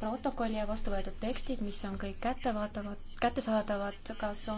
protokolli ja vastu võetud tekstid, mis on kõik kättevaatavad, kättesaadavad, kas on